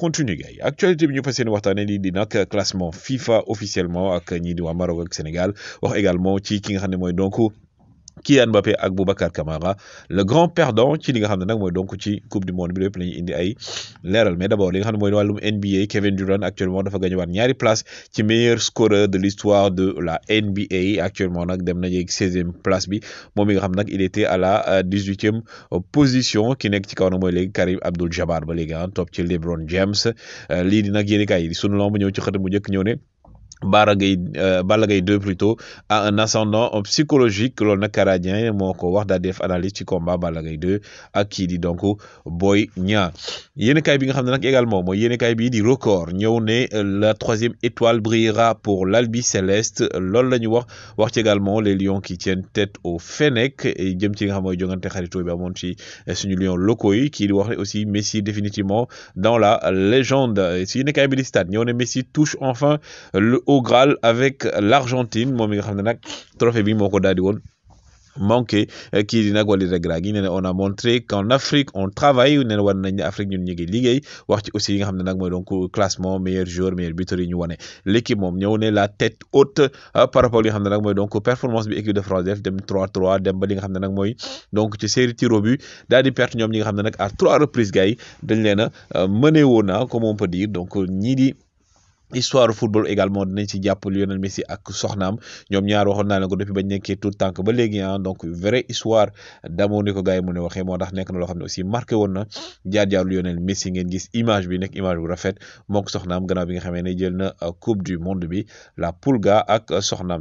continue gars actualité bi ñu fas yéene waxtaane lii di nak classement FIFA officiellement ak ñi di wa Maroc ak Sénégal wax également ci ki nga xamné moy donc Kylian Mbappé ak Boubacar Kamara le grand perdant ci li nga xam ne nag mooy donc ci coupe du monde bi lépp la ñuy indi ay leeral mais d' li nga xam ne mooy wàllum NBA Kevin Durant actuellement dafa gagné waat ñaari place ci meilleur scoreur de l'histoire de la NBA actuellement nag dem na yegg seizième place bi moom mi nga xam nag il était à la euh, dix huitième euh, position ki nekk ci kaw nag mooy léegi Karim Abdul Jabbar ba léegi ah topp ci LeBron James euh, lii i kaay ñëw ci xët njëkk ñëw ne. Baragay 2 euh, plutôt a un ascendant psychologique que l'on Canadien caradien, ko wax da def analyse ci combat Balla 2 ak qui di donc Boy yene a bi nga également nak également également yene kay bi di record ñew né euh, la troisième étoile brillera pour l'Albi Céleste loolu la wax wax également les lions qui tiennent tête au Fennec jëm ci nga xam mooy jongante bi amon ci euh, suñu lion locaux yi ki di wax aussi Messi définitivement dans la légende si kay bi di stade ñew né Messi touche enfin le haut avec l'Argentine Mon mi nga trophée bi moo manqué qui eh, di nag Walid on a montré qu'en Afrique on travaille On na Afrique ñun ñu ngi liggéey wax ci aussi nga donc classement meilleur joueur meilleur buteur ñu l'équipe on est la tête haute eh, par rapport à nga donc performance bi équipe de France def dem 3-3 dem ba li nga donc ci série tir au but Dadi di à trois reprises gars yi dañ eh, mené ah, comme on peut dire donc Nidi. di histoire football également dinañ ci jàpp Lionel Messi ak soxnaam ñoom ñaar waxoon naa leen ko depuis bañ nekkee tout tànk ba léegi ah donc vraie histoire d'amour ni ko mu ne waxee moo tax nekk na loo xam ne aussi marqué woon na jaar-jaar Lionel Messi ngeen gis image bi nekk image bu rafet moo ko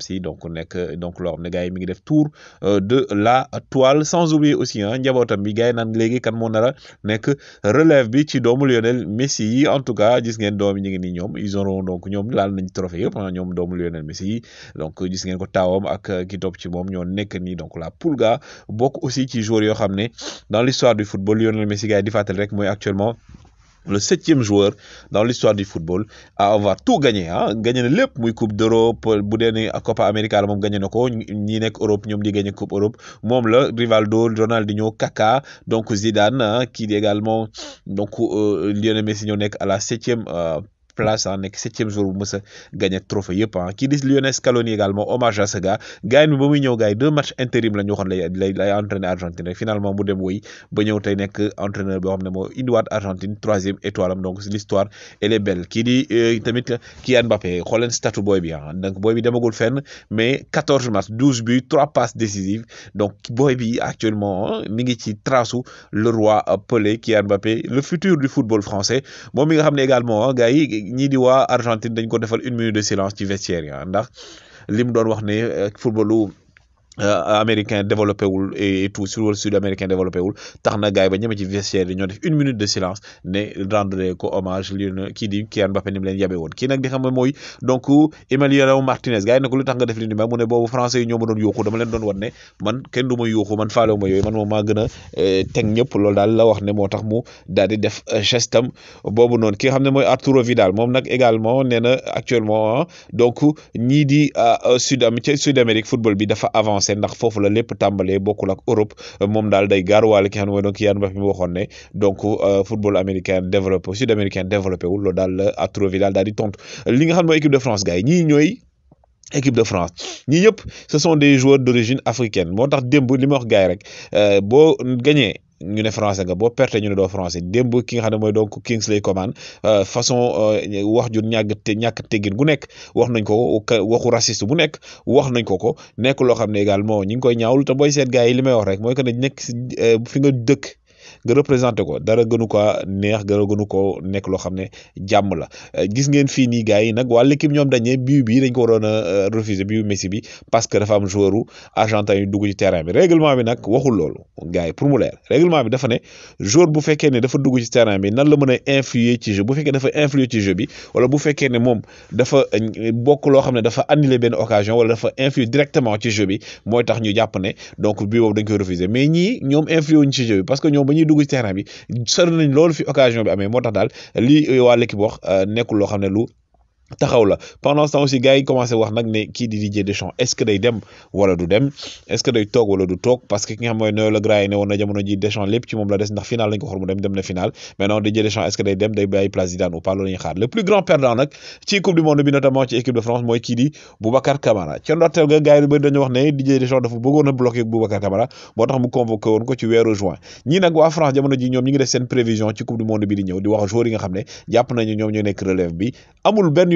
si donc nekk donc loo ne gars yi mi ngi def tour euh, de la toile sans oublier aussi ah njabootam bi gars yi naan léegi kan moo nar nekk relève bi ci doomu Lionel Messi yi en tout cas gis ngeen doom yi ñu ngi nii ñoom ils ñëw donc ñom laal nañ trophée yëpp ah doomu Lionel Messi donc gis ngeen ko tawam ak euh, ki top ci mom ñoo nekk ni donc la Pulga bok aussi ci joueur yo xamné dans l'histoire du football Lionel Messi gars di fàttali rek moy actuellement le septième joueur dans l'histoire du football à ah, avoir tout gagné hein ah, gagné na lepp muy coupe d'Europe bu dee ni Copa América la mom gagné nako ñi nek Europe ñom di gagné coupe Europe mom la Rivaldo Ronaldinho kaka donc Zidane qui ah, également donc euh, Lionel Messi ñoo nek à la septième euh, place ah 7e jour bu mës gagner trophée yep hein kii di Lionel Scaloni également hommage à ce gars gars yi ba muy ñëw gars yi deux matchs intérim la ñu xon lay lay entraîner Argentine finalement mu dem woy ba ñëw tay nekk entraîneur bo xam mo moo Argentine Argentine troisième étoile am donc l'histoire elle est belle kii di euh, tamit Kylian Mbappé xooleen statut boy bi hein donc boy bi demagul fenn mais 14 matchs 12 buts trois passes décisives donc boy bi actuellement ah, mi ngi ci trasu le roi Pelé Kylian Mbappé le futur du football français moom mi nga xam également ah, gars yi. ñii di waa Argentine dañ ko defal une minute de silence ci vestiaire ya ndax li mu doon wax ne euh, footballu Euh, américain développé wul et sur wàllu sud américain développé wul tax na gars yi ba ñeme ci ñoo def une minute de silence ne rendre ko hommage li kii di Kylian Mbappé ni mu leen woon kii nag di xam ne mooy donc Emiliano Martinez gars yi nag lu tax nga def li ni ma mu ne boobu français yi ñoo yuuxu dama leen doon wan euh, daal la wax ne moo tax mu daal di def euh, geste am noonu ki xam ne mooy Arturo Vidal moom nag également nee na actuellement donc ñii di sud am ca sud Amérique football bi dafa avancé. commencé ndax foofu la lépp tàmbalee bokkul ak Europe moom daal day gaaruwaale ki xam ne mooy donc Kylian Mbappé mi waxoon ne donc euh, football américain développé sud américain développé wul loolu daal la Atrovi daal daal di tontu li nga xam ne mooy équipe de France gars yi ñii équipe de France ñi ñëpp ce son des joueurs d'origine africaine moo tax démb li ma wax gars yi rek euh, boo gañee ñu ne français nga boo perte ñu ne doo français démb ki nga xam ne mooy donc Kingsley Coman euh, façon euh, wax ju ñàgg te ñàkk teggin gu nekk wax nañ ko waxu raciste bu nekk wax nañ ko ko nekk loo xam ne également ñi ngi koy ñaawul te booy seet gars yi li may wax rek mooy que ne nekk euh, fi nga dëkk. nga représenté ko dara gënu ko neex dara gis ngeen fii nii gars yi nag waa l'équipe ñoom dañ ne bii bii dañ ko waroon a euh, refusé bii Messi bi parce que bi règlement bi nag waxul loolu gars yi pour mu leer règlement bi dafa ne joueur bu fekkee ne dafa dugg ci terrain bi nan la mën a influer ci jeu bu fekkee dafa influer ci jeu bi wala bu fekkee ne moom dafa euh, bokk loo xam ne dafa annulé benn occasion wala dafa influer directement ci jeu bi mooy tax ñu jàpp ne donc bii boobu dañ koy refusé mais ñii ñoom influer ci jeu parce que ñoom ba ñuy dugg dugg ci terrain bi sori nañ loolu fi occasion bi amee moo tax daal li waa l'équipe wax euh, nekkul loo xam ne lu taxaw pendant ce temps aussi gars yi commencé wax nak né ki di Didier Deschamps est ce que day dem wala du dem est ce que day toog wala du toog parce que ki nga xam mooy Le grand, né woon na jamono ji Deschamps lepp ci mom la dess ndax final lañ ko xor mu dem dem na final maintenant Didier Deschamps est ce que day dem day bàyyi place Zidane ou pas lo lañ xaar le plus grand perdant nak ci coupe du monde bi notamment ci équipe de France moy ki di Boubacar Camara ci ndorteel ga gars yi lu dañu wax né Didier Deschamps dafa bëggoon a bloqué Boubacar Camara bo tax mu convoquer won ko ci weeru juin ñi nak wa France jamono ji ñom ñi ngi def sen prévision ci coupe du monde bi di ñew di wax joueurs yi nga xam ne jàpp nañu ñom ñoo nekk relève bi amul benn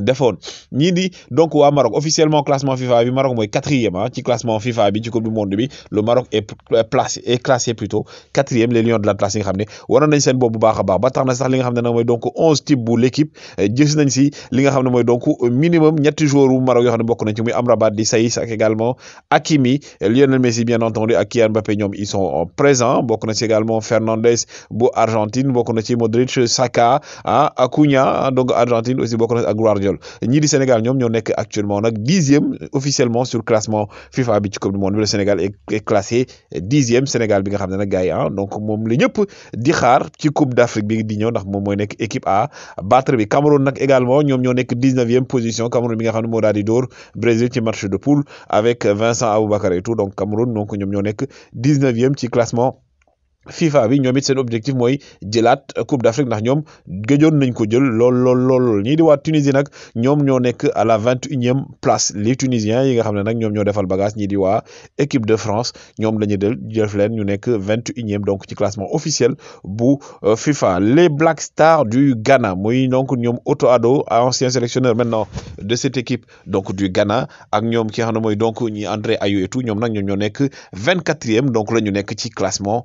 defoon ñii di donc wa Maroc officiellement classement FIFA bi Maroc mooy quatrième ah ci classement FIFA bi ci coupe du monde bi le Maroc est euh, placé est classé plutôt quatrième les lions de l'Atlas yi nga xam nañ sen bopp bu baax a baax ba tax na sax li nga xamné moy donc onze type bu l'équipe euh, gis nañ ci li nga xamné moy donc minimum ñetti joueurs wu Maroc yo xamné ne bokk nañ ci muy Amrabat di Saïs ak également akimi Lionel Messi bien entendu ak Kylian Mbappé ñom ils sont euh, présents bokk na ci également Fernandez bu Argentine bokk na ci Modric Saka ah Acuna ah, donc Argentine aussi bokk na ak Guardiola espagnol di Sénégal ñom ñoo nekk actuellement 10 dixième officiellement sur classement FIFA bi ci coupe du monde le Sénégal est classé dixième Sénégal bi nga xamné nak gaay ah, donc mom li ñëpp di xaar ci coupe d'Afrique bi di ñëw ndax mom moy nekk équipe A battre bi Cameroun nak également ñom ñoo nekk dix-neuvième position Cameroun bi nga xamné mo daal di Brésil ci match de poule avec Vincent Aboubakar et tout donc Cameroun donc ñom ñoo nekk dix-neuvième ci classement FIFA bi ñoomit it seen objectif mooy jëlaat Coupe d'Afrique ndax ñoom gëjoon nañ ko jël lool lool lool ñii di waa Tunisie nag ñoom ñoo nekk à la vingt unième place les Tunisiens yi nga xam ne nag ñoom ñoo defal bagage ñii di waa équipe de France ñoom la del jëf leen ñu nekk vingt unième donc ci classement officiel bu euh, FIFA les Black Stars du Ghana muy donc ñoom Otto Ado, ancien sélectionneur maintenant de cette équipe donc du Ghana ak ñoom ki xam donc ñi André Ayew et tout ñoom nag ñoom ñoo nekk vingt quatrième donc la ñu nekk ci classement